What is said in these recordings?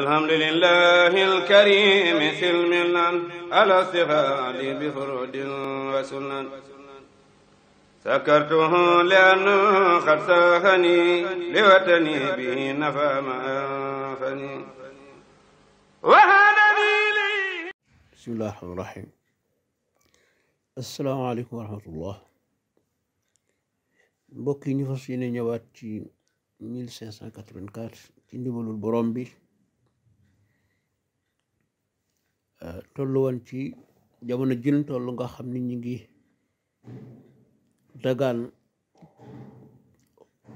الحمد لله الكريم سلم على استغال بفرود وسنن سكرته لأنه قد ساخني لوطني به نفى ما أنفني وهذا لي بسم الله الرحمن الرحيم السلام عليكم ورحمة الله mbokk yi ñu fas yéene ñëwaat ci 1584 ci ndimbalul borom bi toll ci jamono jën toll nga xam ni ñu ngi dagaan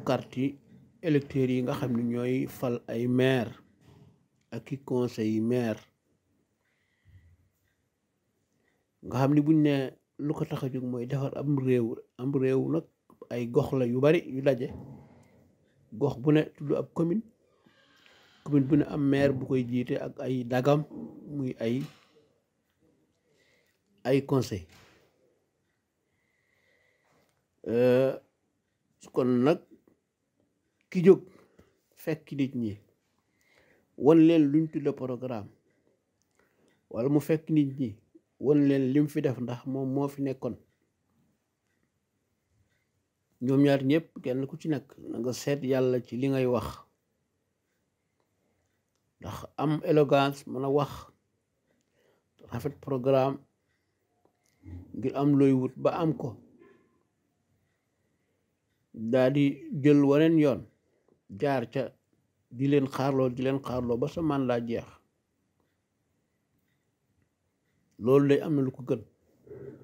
karti électeurs yi nga xam ni ñooy fal ay maire ak i conseil yi maire nga xam ni buñ ne lu ko tax a jóg mooy defar am réew am réew nag ay gox la yu bari yu daje gox bu ne tudd ab commune commune bu ne am maire bu koy jiite ak ay dagam muy ay ay conseil eh, kon nag ki jóg fekk nit ñi wan leen luñ tudde programme wala mu fekk nit ñi wan leen lim fi def ndax moom moo fi nekkoon ñoom ñaar ñëpp kenn ku ci nekk na nga seet yàlla ci li ngay wax ndax am élégance mën a wax rafet programme ngir am looy wut ba am ko daadi jël waneen yoon jaar ca di leen xaarloo di leen xaarloo ba sa man laa jeex loolu day am na lu ko gën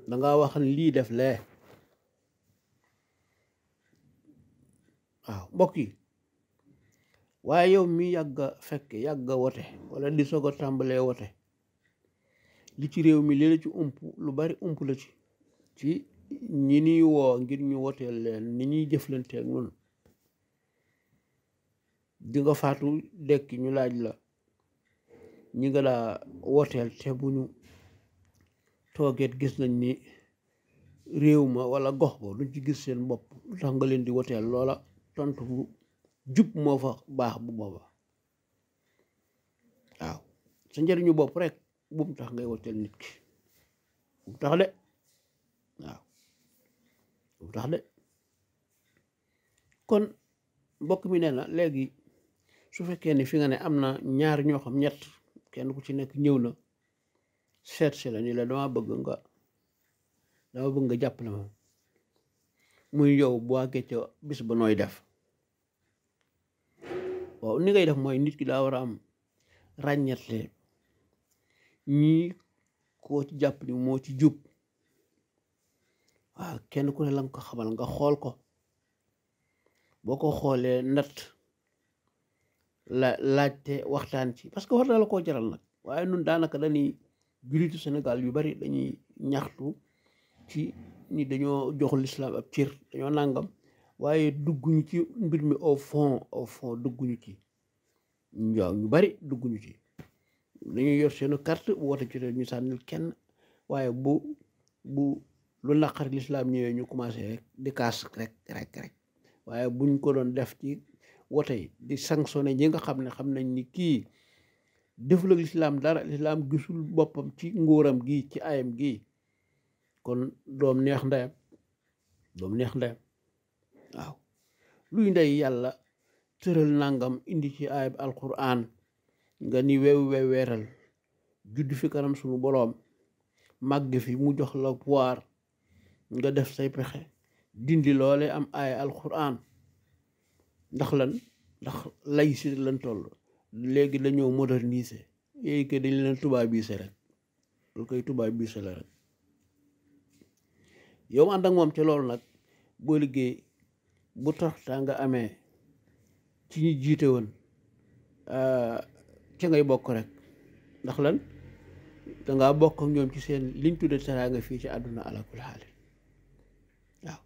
danga waxan lii def lee waaw mbokk yi waaye yow mi yàgga fekke yàgga wote walla di soog a tàmbalee wote li ci réew mi léeg ci ump lu bari ump la ci ci ñi ni woo ngir ñu woteel leen ni ñuy jëflanteeg nun di nga faatu dekk ñu laaj la ñi nga daa woteel te bu ñu toogeet gis nañ ni réew ma wala gox ba duñ ci gis seen bopp lu tax nga leen di woteel loola tontu bu jub moo fa baax bu booba waaw sa njëriñu bopp rek bu mu tax ngay woteel nit ki bu mu tax de bu tax de kon mbokk mi nee na léegi su fekkee ni fi nga ne am na ñaar ñoo xam ñett kenn ku ci nekk ñëw na seet si la ni la dama bëgg nga dama bëgg nga jàppale ma muy yow bu àggee bis ba nooy def waaw ni ngay def mooy nit ki daa war a am ràññetle ñii koo ci jàpp ni moo ci jub waaw kenn ku ne la ko xamal nga xool ko boo ko xoolee nat la laajte waxtaan ci parce que war na la koo jaral nag waaye nun daanaka dañuy jullitu Sénégal yu bari dañuy ñaxtu ci ni dañoo jox lislaam ab cër dañoo nangam waaye dugguñu ci mbir mi au fond au fond dugguñu ci waaw ñu bari dugguñu ci dañuy yor seenu carte woote ci ñu sànnil kenn waaye bu bu lu naqar lislaam ñëwee ñu commencé rek di kaas rek rek rek waaye buñ ko doon def ci wote yi di sanctionné ñi nga xam ne xam nañ ni kii deful ak lislaam dara lislaam gisul boppam ci ngóoram gi ci ayam gi kon doom neex ndeyam doom neex ndeyam waaw luy ndey yàlla tëral nangam indi ci ayab alquran nga ni wew wew weeral judd fi kanam sunu boroom màgg fi mu jox la pouvoir nga def say pexe dindi loole am aaya alquran ndax lan ndax laïcité lan toll léegi dañoo moderniser yooyu que dañ leen tubaabise rek lu koy tubaabise la rek yow ànd ak moom ci loolu nag boo liggéey bu tax taa nga amee ci ñu jiite woon euh, ca ngay bokk rek ndax lan danga bokk ak ñoom ci seen liñ tudde teraanga fii ci àdduna alakul xaali waaw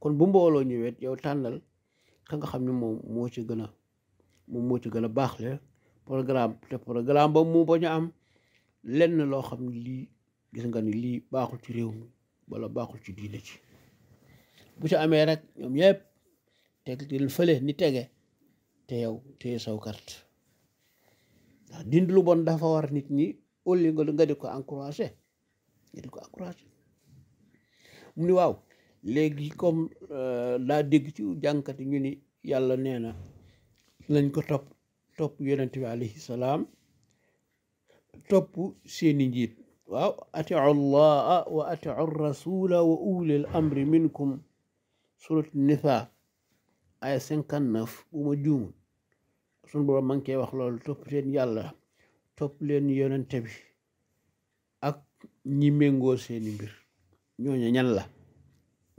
kon bu mbooloo ñëwee yow tànnal ka xam ne moom moo ci gën a moom moo ci gën a baax le programme te programme ba mu bañ a am lenn loo xam ne lii gis nga ni lii baaxul ci réew mi wala baaxul ci diine ci bu ci amee rek ñoom yëpp teg leen fële ni tege te yow téye saw carte ndax bon dafa war nit ñi au nga di ko encouragé nga di ko encouragé mu ni waaw léegi comme euh, daa dégg ci jànkati ñu ni yàlla nee na lañ ko topp topp yonent bi alayhi salaam topp seeni njiit waaw atiu llaha wa atiu rasula wa ulil amri minkum surat nisaa aya cinquante neuf bu ma suñu booba ma ngi koy wax loolu topp leen yàlla topp leen yonente bi ak ñi méngoo seeni mbir ñooñu ñan la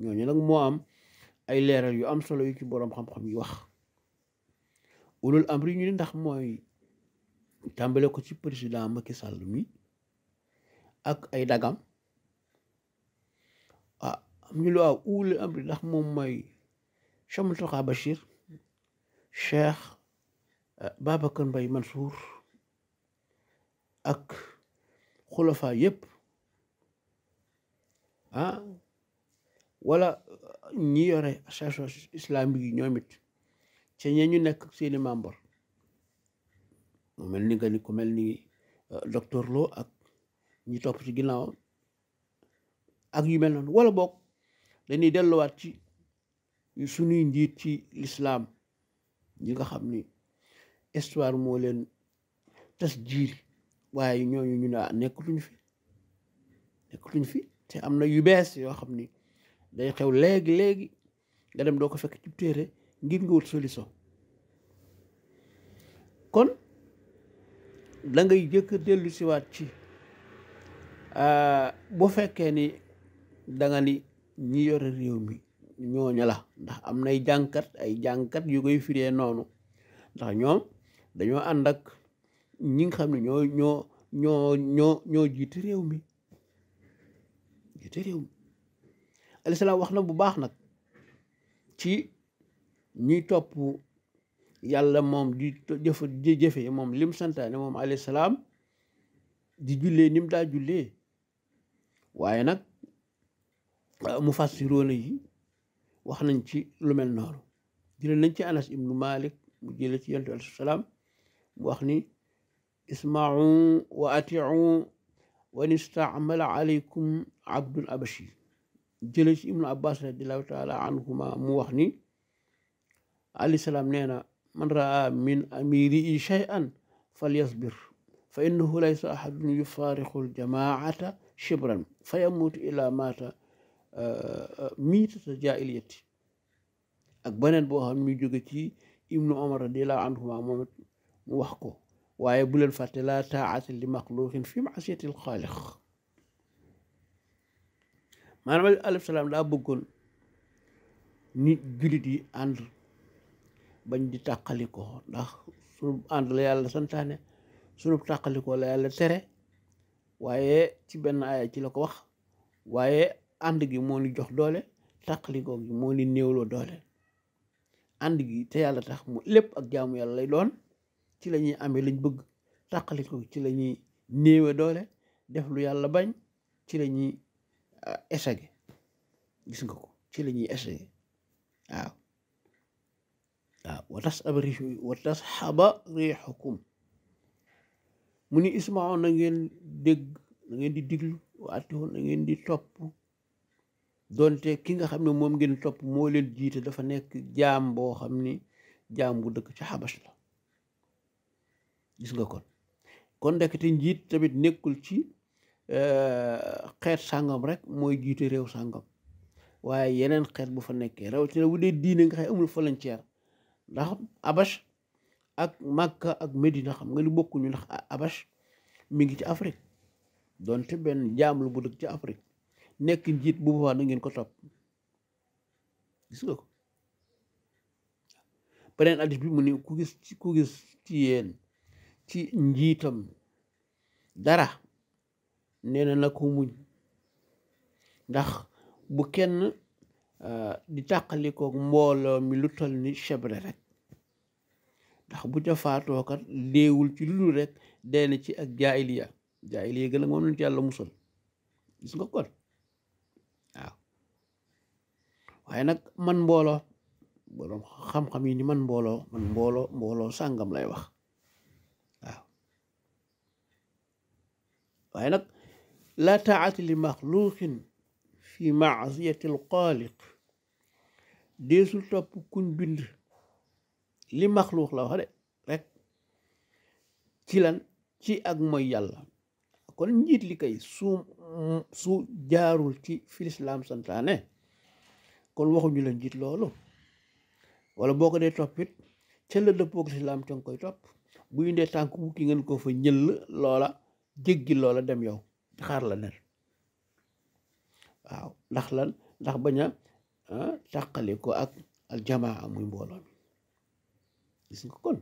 ñooñu nag moo am ay leeral yu am solo yu ci boroom xam-xam yi wax ulul amri ñu ne ndax mooy tàmbale ko ci président Macky Sall mi ak ay dagam ah am ñu lu waaw ulul amri ndax moom mooy Cheikh Mountakha Bachir Babacar Mbaye Mansour ak xulafa yépp ah wala ñi yore association islamique yi ñoom it ñu nekk seeni membre mu mel ni nga ni ku mel ni euh, docteur Lo ak ñi topp ci ginnaawam ak yu mel noonu wala boog dañuy delluwaat ci suñuy njiit ci lislaam ñi nga xam ni histoire moo leen tas jiir waaye ñooñu ñu ne ah, nekkatuñ fi nekkatuñ fi te am na yu bees yoo xam ni day xew léegi léegi nga dem doo ko fekk ci téere ngir nga wut solution kon da ngay jëkk dellu siwaat ci ah, bu fekkee ni danga ni ñi yore réew mi ñooñu la ndax am nay jànkat ay jànkat yu koy firee noonu ndax ñoom dañoo ànd ak ñi nga xam ne ñoo ñoo ñoo ñoo ñoo jiite réew mi jiite réew mi salaam wax na bu baax nag ci ñuy topp yàlla moom di jëf moom lim santaane moom alayhi salaam di jullee ni mu daa jullee waaye nag ah, mu fassiroona yi wax nañ ci lu mel noonu jëlee nañ ci anas ibnu malik mu jële ci yonent bi salaam wax ni ismau wa atiu wa in istaamala aleykum abdul abashi jële ci ibnu abbas radiallahu taala anhuma mu wax ni alayhi salaam nee na man raa min amiri i shay'an fal yasbir fa innahu laysa ahadun yufaarixu ljamaata shibran fa yamuutu ila maata euh, euh, miitata jaahiliyati ak beneen boo xam ne muy jóge ci ibnu omar radiallahu anhuma moom it wax ko waaye bu leen fàtte laa taa'ata li maxluqin fi ma'siyatil xaaliq maanaam alayhi salaam daa bëggoon nit jullit yi ànd bañ di tàqali ndax sunu ànd la yàlla santaane sunu tàqali ko la yàlla tere waaye ci benn aaya ci la ko wax waaye ànd gi moo ni jox doole tàqali ko gi moo ni néewloo doole ànd gi te yàlla tax mu lépp ak jaamu yàlla lay doon ci la ñuy amee lañ bëgg tàqaliku ci la ñuy néewe doole def lu yàlla bañ ci lañuy ñuy ah, gis nga ko ci la ñuy échec waaw waaw wa tas ab tas xaba riixukum mu ni ismao na ngeen dégg na ngeen di diglu waatio na ngeen di topp doonte ki nga xam ne moom ngeen topp moo leen jiite dafa nekk jaam boo xam ni jaam bu dëkk ci xabas la gis nga kon kon ndekete njiit tamit nekkul ci eh, xeet sàngam rek mooy jiite réew sàngam waaye yeneen xeet bu fa nekkee rawatina bu dee diine nga xëy amul frontière ndax abash ak Makka ak Medina xam nga li bokkuñu ndax abash mi ngi ci Afrique donte benn jaam lu bu dëkk ci Afrique nekk njiit bu boobaa na ngeen ko topp gis nga ko beneen addis bi mu ne ku gis gis ci yéen ci njiitam dara nena na ko muñ ndax bu kenn euh, di tàqalikook mbooloo mi lu toll ni chebre rek ndax bu ca faatoo déewul ci lu rek dee na ci ak jaahiliya jaahiliya gën a moom nañ ci yàlla musal gis nga kon waaw waaye nag man mbooloo boroom xam-xam yi ni man mbooloo mbooloo mbooloo sàngam lay wax waaye nag laa taa'ata li maxluqin fi maasiyati al xaaliq deesul topp kuñ bind li maxluuq la wax de rek ci lan ci ak mooy yàlla kon njiit li kay su su jaarul ci fi lislaam santaane kon waxuñu la njiit loolu wala boo ko dee toppit ca la dëppoog lislaam ca nga koy topp bu ñu tànk bu ki ngeen ko fa ñëll loola jéggi loola dem yow xaar la nen waaw ndax lan ndax bañ a ah, tàqali ak aljamaa muy mbooloo mi gis kon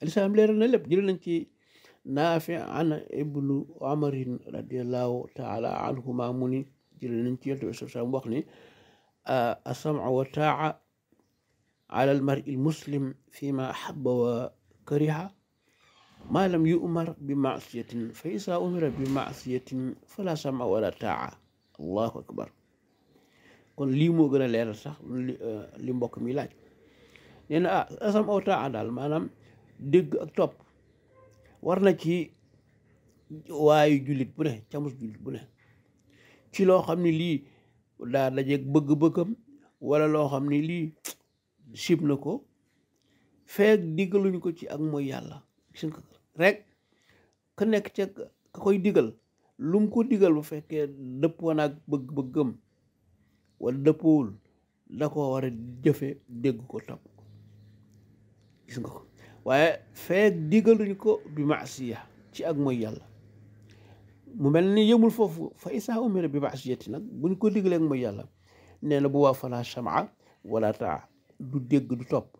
alislaam leeral na lépp jël nañ ci naafi an ibnu amarin radiallahu taala anhuma mu ni jël nañ ci yonent bi wax ni asamaa wa taa ala almari almuslim fi ma ahaba wa kariha maa lam yu'mar bi ma'siyatin fa izaa umira bi ma'siyatin falaa sam'a walaa taa'a allahu akbar kon lii moo gën a leeral sax li euh, mbokk mi laaj nee na ah sam aw taa daal maanaam dégg ak topp war na ci waayu jullit bu ne camus jullit bu ne ci loo xam ne lii daa dajeeg bëgg-bëggam wala loo xam ne lii sib na ko feek diggaluñ ko ci ak mooy yàlla rekk ka nekk ca ka koy digal lum ko digal bu fekkee dëppoo naag bëgg-bëggam wala dëppoowul da koo war a jëfe dégg ko topp gis nga ko waaye feek digaluñ ko bi maasiya ci ak mooy yàlla mu mel ni yëmul foofu fa isaa umira bi maasiyati nag buñ ko digalee ak mooy yàlla nee na bu waa falaa shamaa wala taa du dégg du topp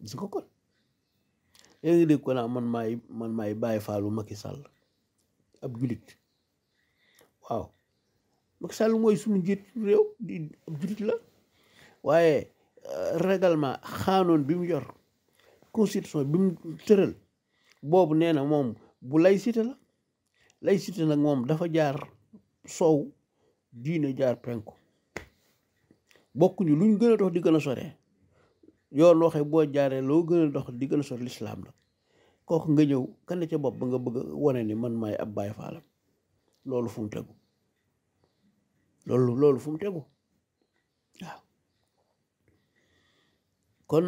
gis nga yaa man maay man bàyyi faalu Macky Sall ab julit waaw Macky mooy suñu njiit réew di ab julit la waaye euh, règlement xaanoon bi mu yor constitution bi mu tëral boobu nee na moom bu laïcité lay laïcité nag moom dafa jaar soow diine jaar penku bokkuñu luñ gën a dox di gën a soree yoon waxee boo jaaree loo gën a dox di gën a lislaam la kooku nga ñëw kan la ca bopp ba nga bëgg a wane ni man maay ab baay faalam loolu fu tegu loolu loolu fum mu tegu waaw kon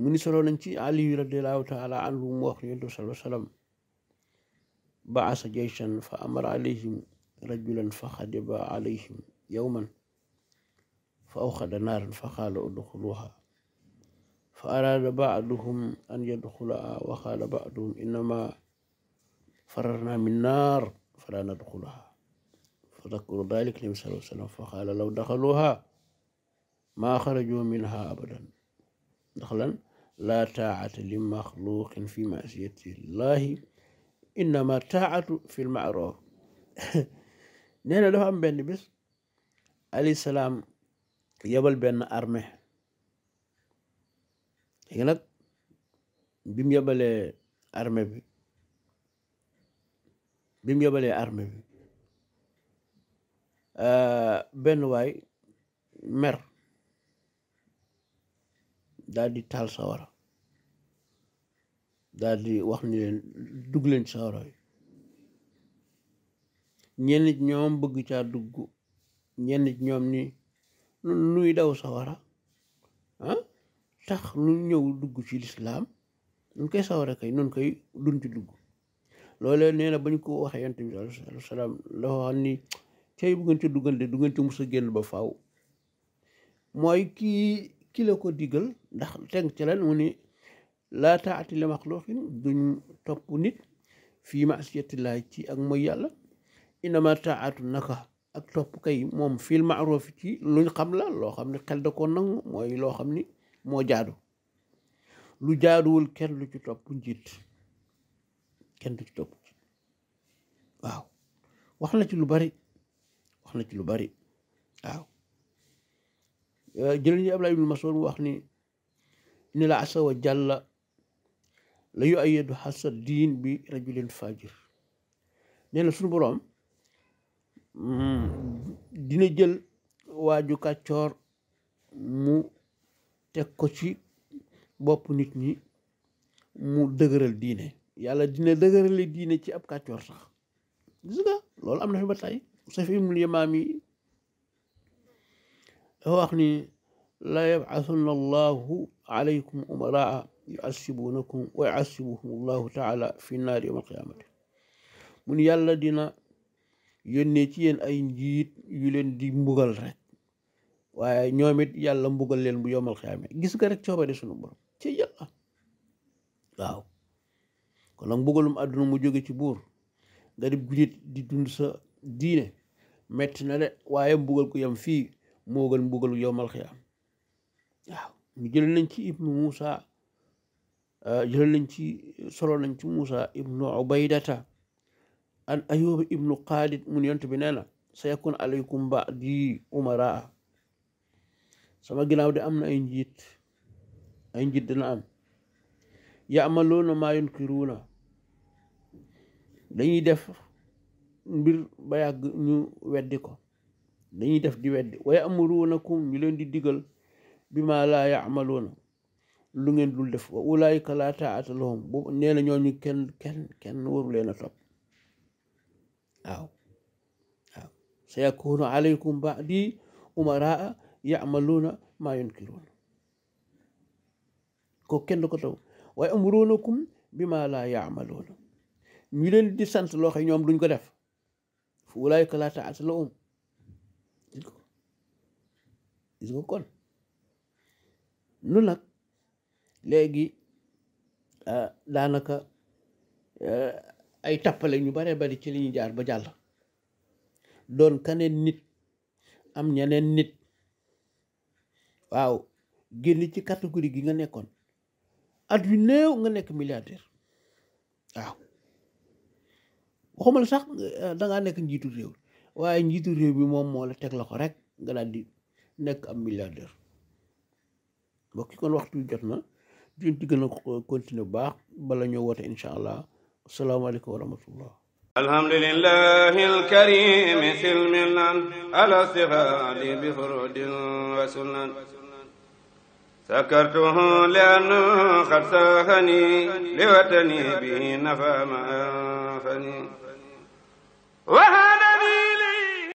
mu ni solo nañ ci aliyu radiallahu taala anhu mu wax yonent bi sallallahu alayhi wasallam fa amara alayhim rajulan fa xadiba alayhim yawman fa awxada naaran fa xaala udxuluha fa araada baaduhum an yadxulaha wa qaala baaduhum innama fararna min naar falaa nadxulaha fa dakkaru dalik nabi sallallahu alayhi wa sallam fa qaala law daxaluha maa xaraju minha abadan ndax lan laa taacata li maxluqin fi maasiyati llahi innama taacatu fi lmaaruf nee na dafa am benn bis alayhi salaam yebal benn armée léegi nag bi mu yebalee armée bi bi mu yebalee armée bi euh, benn waay mer daal di taal sawara daal di wax ni leen dugg leen ci sawara yi ñenn ñoom bëgg caa dugg ñenn ñoom ni nuy daw sawara ah tax lu ñëw dugg ci lislaam nun koy sawara kay nun koy dun ci dugg loolee nee na bañ ñu ko waxee yonent bi alayhi salaam dafa xam ni tey bu ngeen ci duggal de du ci mus a génn ba faw mooy kii ki ko digal ndax teg ci lan mu ni laa taati li maxluqin duñ topp nit fii maasiyatillaa ci ak mooy yàlla inama taatu naka ak topp kay moom fil maaroof ci luñ xam la loo xam ne xel da ko nangu mooy loo xam ni moo jaadu lu jaaduwul kenn lu ci topp njiit kenn du ci topp njiit waaw wax na ci lu bari wax na ci lu bari waaw jël ñu Abdullah ibn Mas'ud wax ni ni la asa wa jàlla la yu ayedu xasa diin bi rajulin fajir nee na suñu boroom mm, dina jël waaju kàccoor mu teg ko ci bopp nit ñi mu dëgëral diine yàlla dina dëgërale diine ci ab kàccoor sax gis nga loolu am na fi ba tay Safi ibnul Yamaami dafa wax ni laa yab'asanna allahu alaykum umaraa yu'assibunakum wa yu'assibuhum allahu taala fi naari yawm alqiyaamati mun yàlla dina yónnee ci yéen ay njiit yu len di mbugal rek waaye ñoomit it yàlla mbugal leen bu yomal xiyaame gis nga rek coobare sunu borom ci yàlla waaw kon nag mbugalum àdduna mu jóge ci buur nga di julit di dund sa diine metti na de waaye mbugal ku yam fii moo gën mbugalu yomal xiyaam waaw ñu jël nañ ci ibnu Moussa ah, jël nañ ci solo nañ ci Moussa ibnu Ubaydata an Ayuba ibnu Xaalid mun yont bi nee na sayakun alaykum ba'di sama ginnaaw di am na ay njiit ay njiit dina am yaamaluuna maa yunkiruuna dañuy def mbir ba yàgg ñu weddi ko dañuy def di weddi wa yaamuruunakum ñu leen di digal bi maa laa yaamaluuna lu ngeen dul def wa ulaayika laa taata lahum bu nee ñooñu kenn kenn kenn waru leen a topp waaw waaw sa yakuunu alaykum baadi umaraa yamaluuna maa yunkiruun ko kenn du ko taw waaye amuruunakum bi maa laa yamaluuna ñu leen di sant loo xam ñoom duñ ko def fu ulaayka laa taata la um nu nag léegi ah, daanaka ah, ay tappale ñu bare bari ci li ñuy jaar ba jàll doon kaneen nit am ñeneen nit waaw génn ci catégorie gi nga nekkoon at yu néew nga nekk milliardaire waaw waxuma sax euh, da nekk njiitu réew waaye njiitu réew bi moom moo la teg loxo rek nga daal nekk am milliardaire mbokk yi kon waxtu jot na duñ ci gën euh, bu baax bala ñoo woote incha allah asalaamaaleykum wa rahmatullah alhamdulillahi alkarimi silmilan ala siradi bi furudin wa شكرته لأنه قد ساخني لوتني به نفى ما أنفني